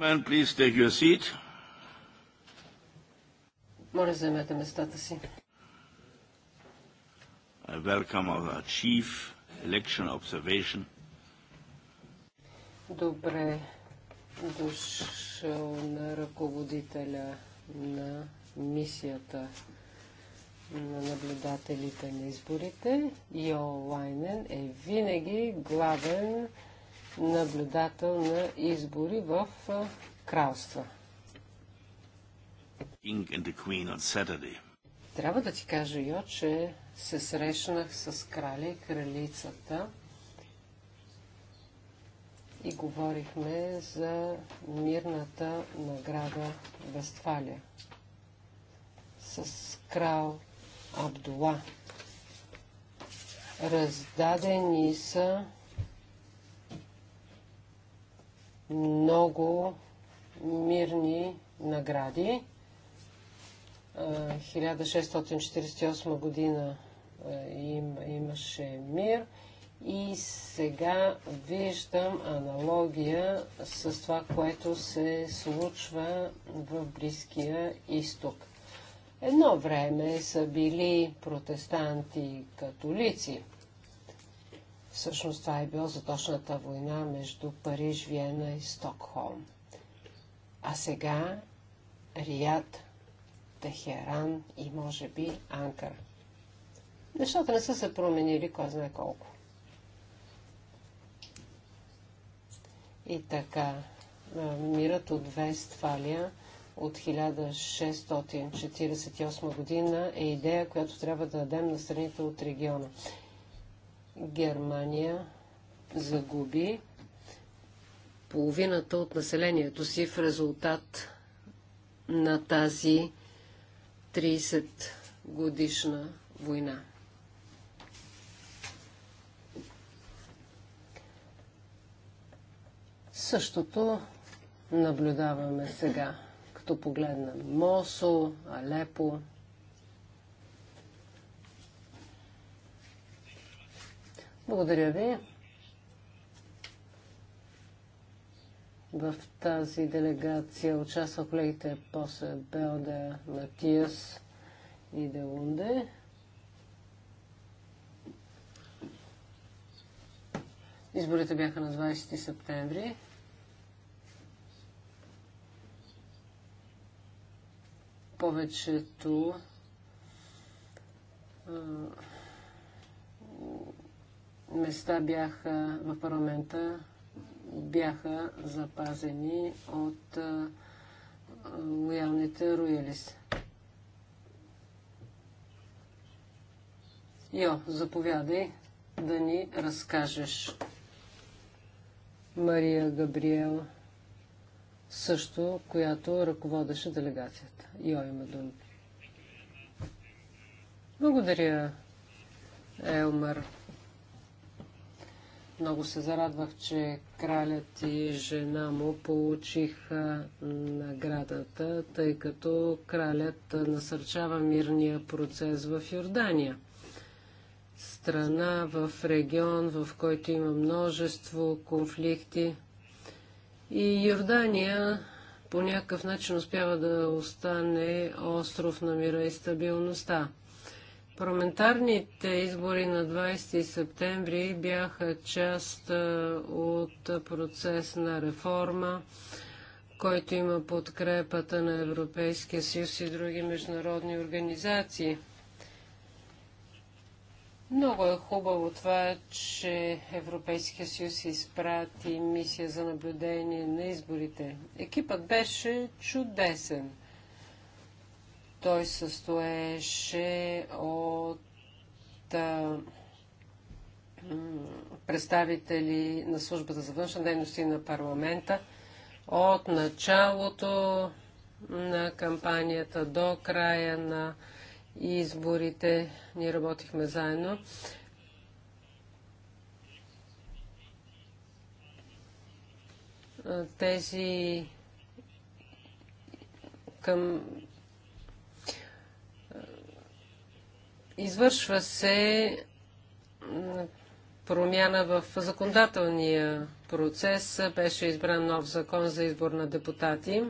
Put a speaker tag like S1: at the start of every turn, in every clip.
S1: gentlemen, please take your seat.
S2: Моля, заемете местата си.
S1: I welcome our chief election observation.
S2: Добре дошъл на ръководителя на мисията на наблюдателите на изборите. Йо Лайнен е винаги главен наблюдател на избори в кралства. Трябва да ти кажа, Йо, че се срещнах с краля и кралицата и говорихме за мирната награда Вестфалия с крал Абдула. Раздадени са много мирни награди. 1648 година им, имаше мир и сега виждам аналогия с това, което се случва в Близкия изток. Едно време са били протестанти католици – Всъщност това е било заточната война между Париж, Виена и Стокхолм. А сега Рият, Техеран и може би Анкар. Нещата не са се променили, кой знае колко. И така, мирът от Вестфалия от 1648 година е идея, която трябва да дадем на страните от региона. Германия загуби половината от населението си в резултат на тази 30 годишна война. Същото наблюдаваме сега, като погледнем Мосо, Алепо, Благодаря ви. В тази делегация участва колегите после Белда, Матиас и Делунде. Изборите бяха на 20 септември. Повечето места бяха в парламента бяха запазени от лоялните роялисти. Йо, заповядай да ни разкажеш. Мария Габриел, също, която ръководеше делегацията. Йо има думата. Благодаря, Елмар. Много се зарадвах, че кралят и жена му получиха наградата, тъй като кралят насърчава мирния процес в Йордания. Страна в регион, в който има множество конфликти. И Йордания по някакъв начин успява да остане остров на мира и стабилността. Парламентарните избори на 20 септември бяха част от процес на реформа, който има подкрепата на Европейския съюз и други международни организации. Много е хубаво това, че Европейския съюз изпрати мисия за наблюдение на изборите. Екипът беше чудесен. Той състоеше от представители на службата за външна дейност и на парламента от началото на кампанията до края на изборите. Ние работихме заедно. Тези към Извършва се промяна в законодателния процес. Беше избран нов закон за избор на депутати.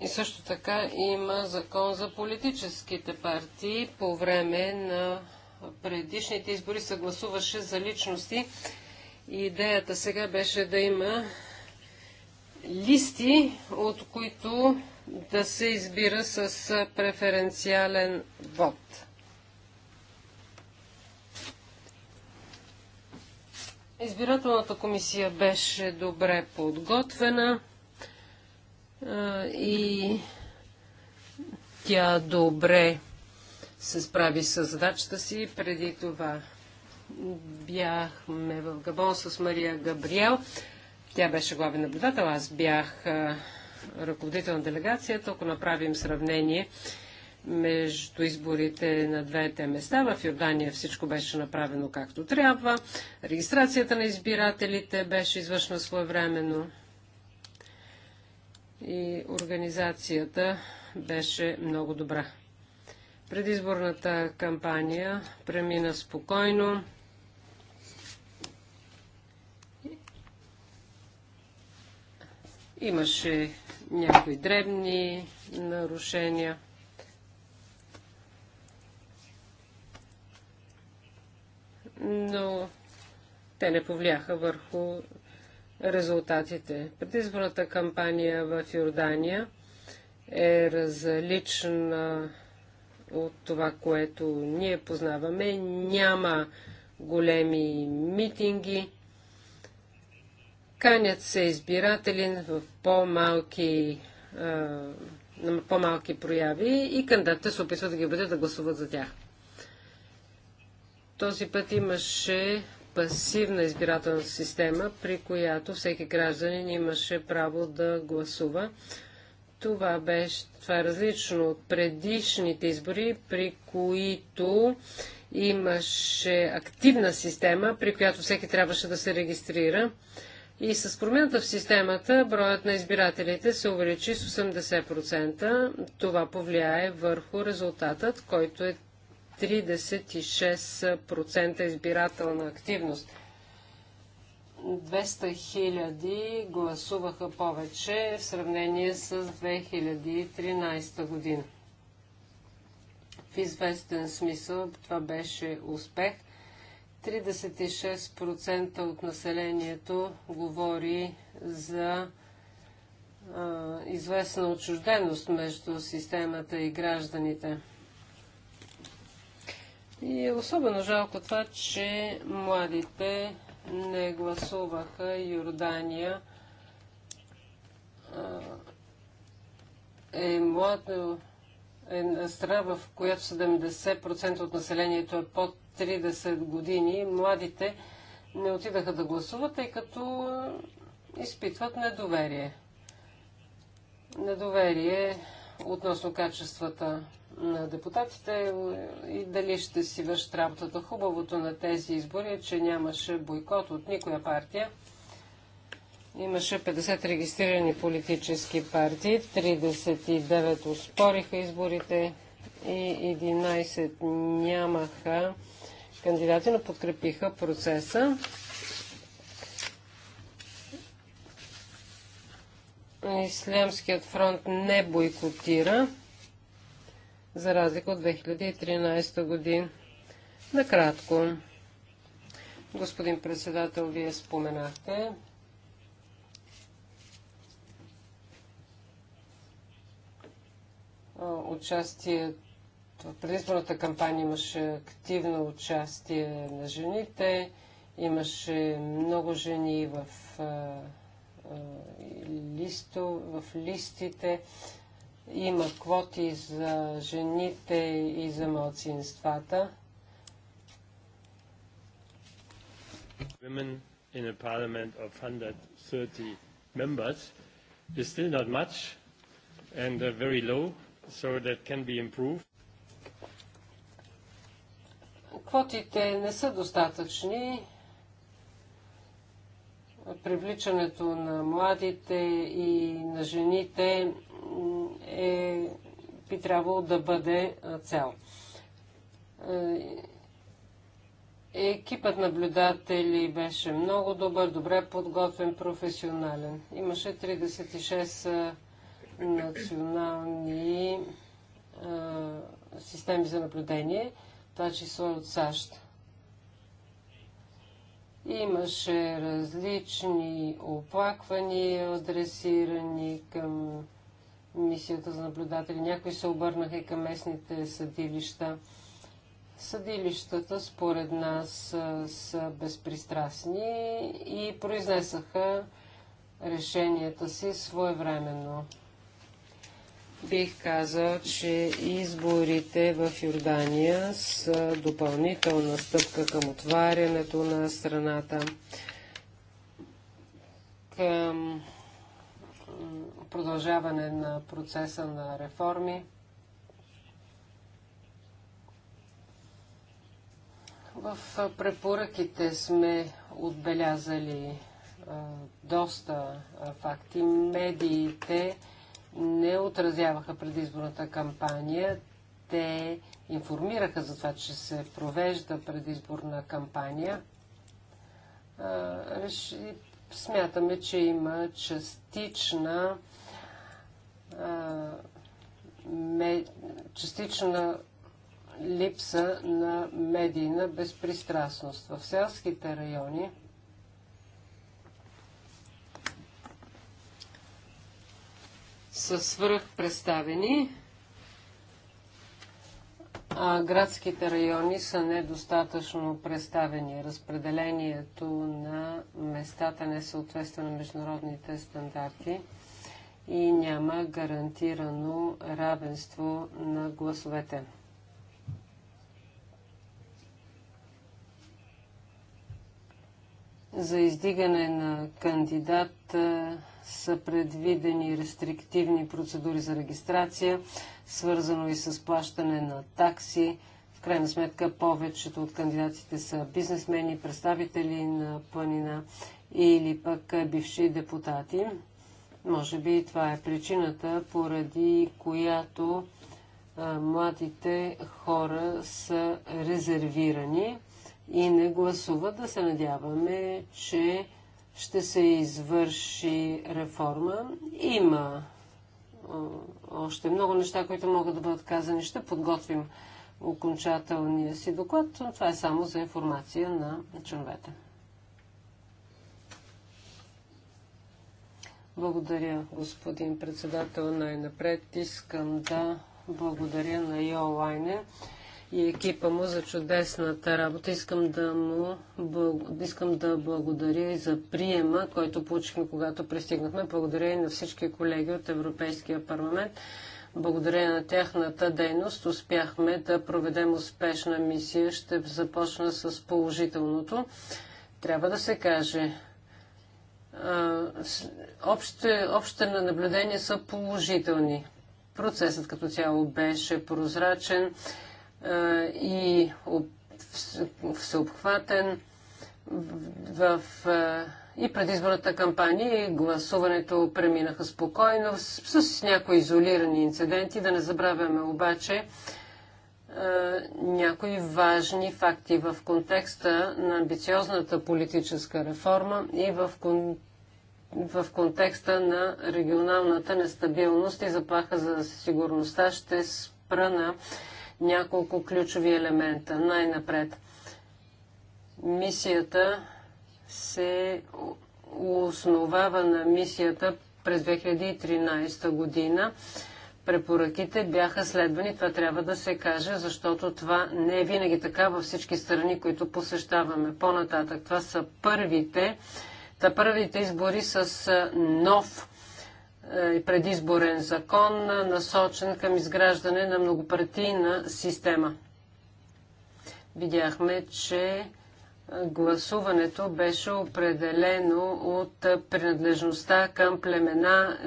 S2: И също така има закон за политическите партии. По време на предишните избори се гласуваше за личности. Идеята сега беше да има листи, от които да се избира с преференциален вод. Избирателната комисия беше добре подготвена и тя добре се справи с задачата си. Преди това бяхме в Габон с Мария Габриел. Тя беше главен наблюдател, аз бях ръководител на делегацията. Ако направим сравнение между изборите на двете места, в Йордания всичко беше направено както трябва. Регистрацията на избирателите беше извършена своевременно и организацията беше много добра. Предизборната кампания премина спокойно. Имаше някои дребни нарушения. Но те не повлияха върху резултатите. Предизборната кампания в Йордания е различна от това, което ние познаваме. Няма големи митинги Канят се избиратели в по-малки по-малки прояви и кандидатите се опитват да ги убедят да гласуват за тях. Този път имаше пасивна избирателна система, при която всеки гражданин имаше право да гласува. Това, беше, това е различно от предишните избори, при които имаше активна система, при която всеки трябваше да се регистрира. И с промяната в системата броят на избирателите се увеличи с 80%. Това повлияе върху резултатът, който е 36% избирателна активност. 200 хиляди гласуваха повече в сравнение с 2013 година. В известен смисъл това беше успех – 36% от населението говори за а, известна отчужденост между системата и гражданите. И е особено жалко това, че младите не гласуваха Йордания. А, е млад, е страна, в която 70% от населението е под 30 години, младите не отидаха да гласуват, тъй като изпитват недоверие. Недоверие относно качествата на депутатите и дали ще си вършат работата. Хубавото на тези избори е, че нямаше бойкот от никоя партия. Имаше 50 регистрирани политически партии, 39 успориха изборите и 11 нямаха кандидати, но подкрепиха процеса. Ислямският фронт не бойкотира, за разлика от 2013 година. Накратко, господин председател, вие споменахте участие в предизборната кампания имаше активно участие на жените, имаше много жени в, а, а, листо, в листите, има квоти за жените и за малцинствата.
S1: Women in a parliament of 130 members is still not much and uh, very low so that can be improved.
S2: Квотите не са достатъчни. Привличането на младите и на жените е, би трябвало да бъде цел. Е, екипът наблюдатели беше много добър, добре подготвен, професионален. Имаше 36 национални а, системи за наблюдение, това число от САЩ. Имаше различни оплаквания, адресирани към мисията за наблюдатели. Някои се обърнаха и към местните съдилища. Съдилищата, според нас, са, са безпристрастни и произнесаха решенията си своевременно. Бих казал, че изборите в Йордания са допълнителна стъпка към отварянето на страната, към продължаване на процеса на реформи. В препоръките сме отбелязали а, доста а, факти. Медиите не отразяваха предизборната кампания. Те информираха за това, че се провежда предизборна кампания. смятаме, че има частична частична липса на медийна безпристрастност. В селските райони са свръхпредставени, а градските райони са недостатъчно представени. Разпределението на местата не съответства на международните стандарти и няма гарантирано равенство на гласовете. За издигане на кандидат са предвидени рестриктивни процедури за регистрация, свързано и с плащане на такси. В крайна сметка повечето от кандидатите са бизнесмени, представители на планина или пък бивши депутати. Може би това е причината, поради която младите хора са резервирани и не гласуват. Да се надяваме, че ще се извърши реформа. Има още много неща, които могат да бъдат казани. Ще подготвим окончателния си доклад, това е само за информация на членовете. Благодаря, господин председател. Най-напред искам да благодаря на Йолайне и екипа му за чудесната работа. Искам да, му, искам да благодаря и за приема, който получихме, когато пристигнахме. Благодаря и на всички колеги от Европейския парламент. Благодаря на тяхната дейност успяхме да проведем успешна мисия. Ще започна с положителното. Трябва да се каже, общите, общите на наблюдения са положителни. Процесът като цяло беше прозрачен и всеобхватен в, и предизборната кампания и гласуването преминаха спокойно, с, с някои изолирани инциденти. Да не забравяме обаче е, някои важни факти в контекста на амбициозната политическа реформа и в, кон, в контекста на регионалната нестабилност и заплаха за сигурността. Ще спра на няколко ключови елемента. Най-напред, мисията се основава на мисията през 2013 година. Препоръките бяха следвани, това трябва да се каже, защото това не е винаги така във всички страни, които посещаваме. По-нататък, това са първите, та първите избори с нов е, и предизборен закон, е, насочен към изграждане на многопартийна система. Видяхме, че е, гласуването беше определено от принадлежността към племена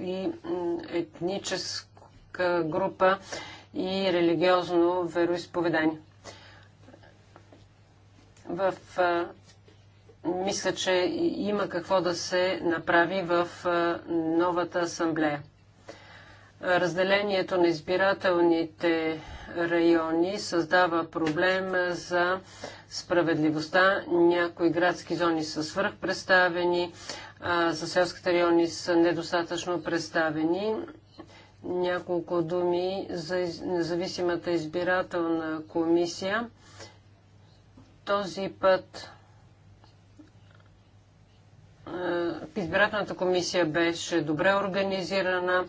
S2: и етническа група и религиозно вероисповедание. В мисля, че има какво да се направи в новата асамблея. Разделението на избирателните райони създава проблем за справедливостта. Някои градски зони са свръхпредставени, а за селските райони са недостатъчно представени. Няколко думи за независимата избирателна комисия. Този път е, избирателната комисия беше добре организирана,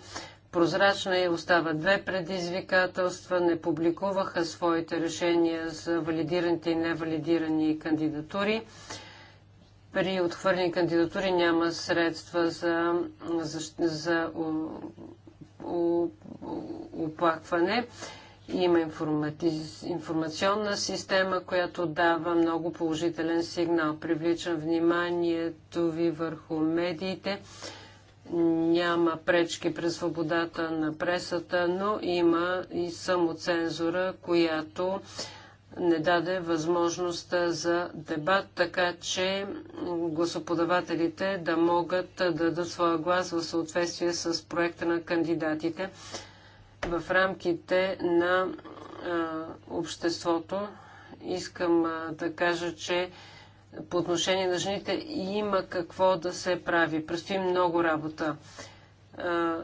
S2: прозрачна и остава две предизвикателства. Не публикуваха своите решения за валидираните и невалидирани кандидатури. При отхвърлени кандидатури няма средства за, за, за оплакване. Има информационна система, която дава много положителен сигнал. Привличам вниманието ви върху медиите. Няма пречки през свободата на пресата, но има и самоцензура, която не даде възможност за дебат, така че гласоподавателите да могат да дадат своя глас в съответствие с проекта на кандидатите в рамките на а, обществото. Искам а, да кажа, че по отношение на жените има какво да се прави. Предстои много работа. А,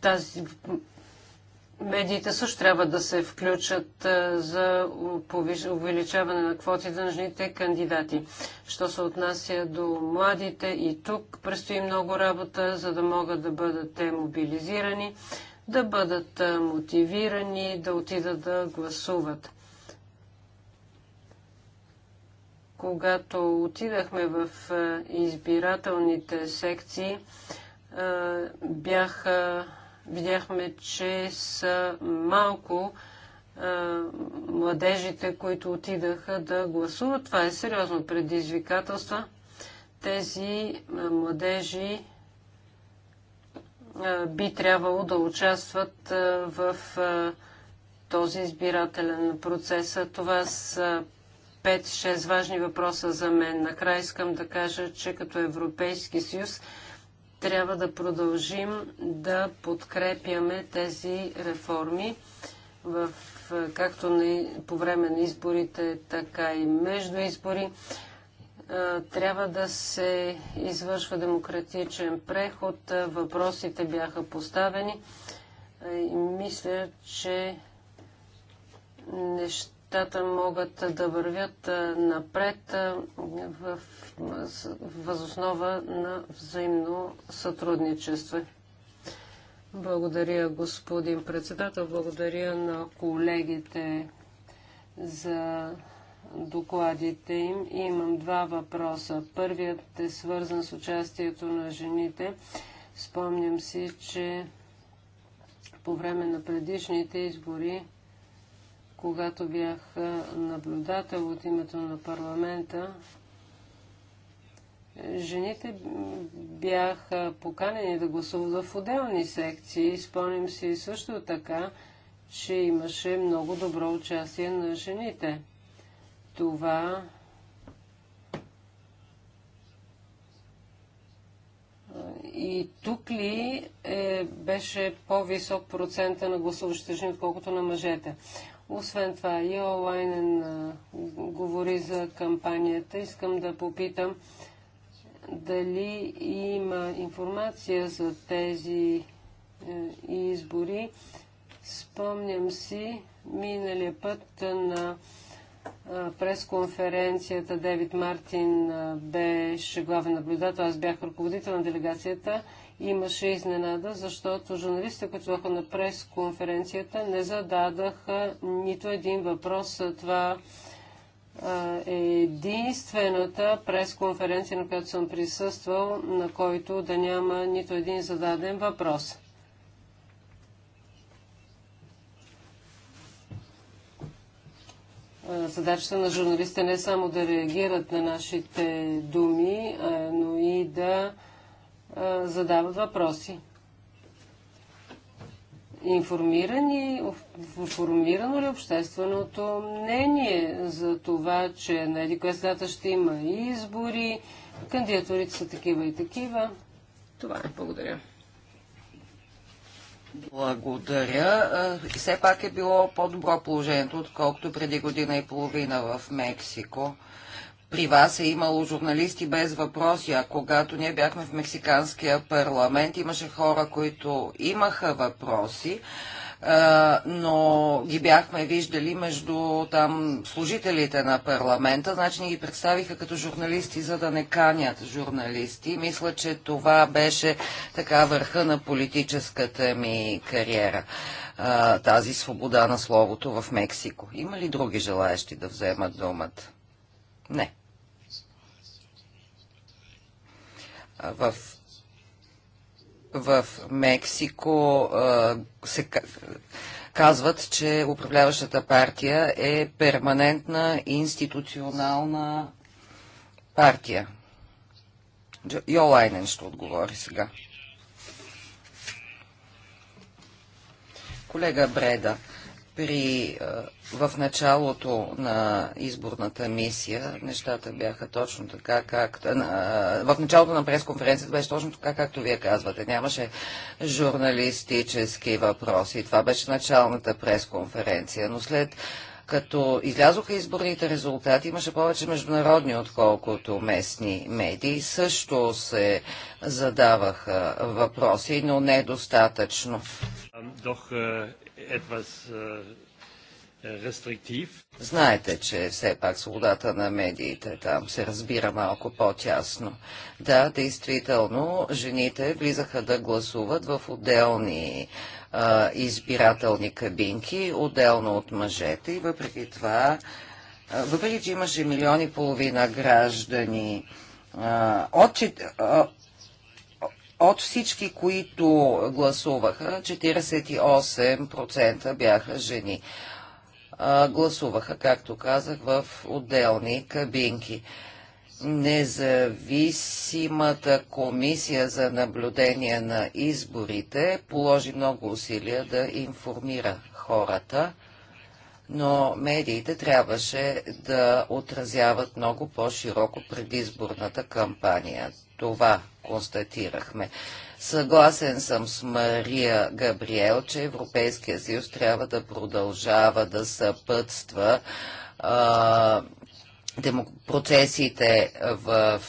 S2: тази Медиите също трябва да се включат е, за увеличаване на квоти на жените кандидати. Що се отнася до младите и тук предстои много работа, за да могат да бъдат те мобилизирани, да бъдат е, мотивирани, да отидат да гласуват. Когато отидахме в е, избирателните секции, бяха видяхме, че са малко а, младежите, които отидаха да гласуват. Това е сериозно предизвикателство. Тези а, младежи а, би трябвало да участват в този избирателен процес. Това са 5-6 важни въпроса за мен. Накрая искам да кажа, че като Европейски съюз трябва да продължим да подкрепяме тези реформи в, както на, по време на изборите, така и между избори. Трябва да се извършва демократичен преход. Въпросите бяха поставени. И мисля, че неща нещата могат да вървят напред в възоснова на взаимно сътрудничество. Благодаря, господин председател. Благодаря на колегите за докладите им. Имам два въпроса. Първият е свързан с участието на жените. Спомням си, че по време на предишните избори когато бях наблюдател от името на парламента, жените бяха поканени да гласуват в отделни секции. Спомням си също така, че имаше много добро участие на жените. Това И тук ли е, беше по-висок процента на гласуващите жени, отколкото на мъжете? Освен това, онлайнен а, говори за кампанията. Искам да попитам дали има информация за тези е, избори. Спомням си миналия път на пресконференцията Девид Мартин беше главен наблюдател, аз бях ръководител на делегацията имаше изненада, защото журналистите, които бяха на прес-конференцията, не зададаха нито един въпрос. Това е единствената прес-конференция, на която съм присъствал, на който да няма нито един зададен въпрос. Задачата на журналистите не е само да реагират на нашите думи, но и да задават въпроси. Информирани, информирано ли общественото мнение за това, че на еди коя дата ще има и избори, кандидатурите са такива и такива?
S1: Това е. Благодаря. Благодаря. Все пак е било по-добро положението, отколкото преди година и половина в Мексико при вас е имало журналисти без въпроси, а когато ние бяхме в Мексиканския парламент, имаше хора, които имаха въпроси, но ги бяхме виждали между там служителите на парламента, значи ни ги представиха като журналисти, за да не канят журналисти. Мисля, че това беше така върха на политическата ми кариера, тази свобода на словото в Мексико. Има ли други желаящи да вземат думата? Не. в в Мексико се казват, че управляващата партия е перманентна институционална партия. Йолайнен ще отговори сега. Колега Бреда, при, в началото на изборната мисия нещата бяха точно така, както... В началото на пресконференцията беше точно така, както вие казвате. Нямаше журналистически въпроси. Това беше началната пресконференция. Но след като излязоха изборните резултати, имаше повече международни, отколкото местни медии. Също се задаваха въпроси, но недостатъчно. Doch etwas Знаете, че все пак свободата на медиите там се разбира малко по-тясно. Да, действително, жените влизаха да гласуват в отделни а, избирателни кабинки, отделно от мъжете и въпреки това, а, въпреки че имаше милиони и половина граждани, а, от, а, от всички, които гласуваха, 48% бяха жени гласуваха, както казах, в отделни кабинки. Независимата комисия за наблюдение на изборите положи много усилия да информира хората, но медиите трябваше да отразяват много по-широко предизборната кампания. Това констатирахме. Съгласен съм с Мария Габриел, че Европейския съюз трябва да продължава да съпътства а, процесите в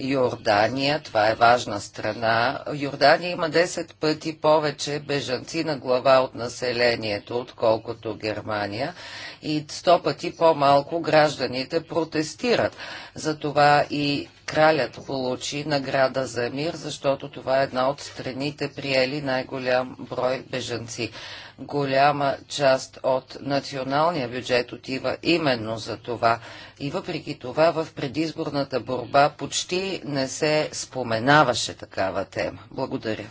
S1: Йордания. Това е важна страна. Йордания има 10 пъти повече бежанци на глава от населението, отколкото Германия. И 100 пъти по-малко гражданите протестират. Затова и кралят получи награда за мир, защото това е една от страните приели най-голям брой бежанци. Голяма част от националния бюджет отива именно за това. И въпреки това в предизборната борба почти не се споменаваше такава тема. Благодаря.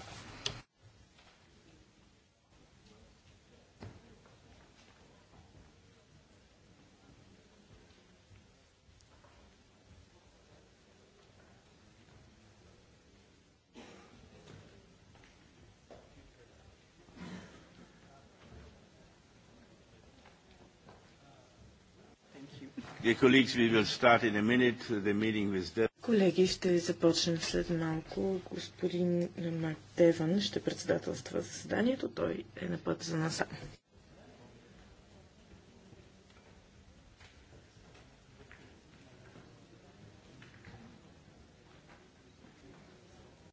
S1: Колеги, ще започнем след малко. Господин Мак Деван ще председателства заседанието. Той е на път за нас.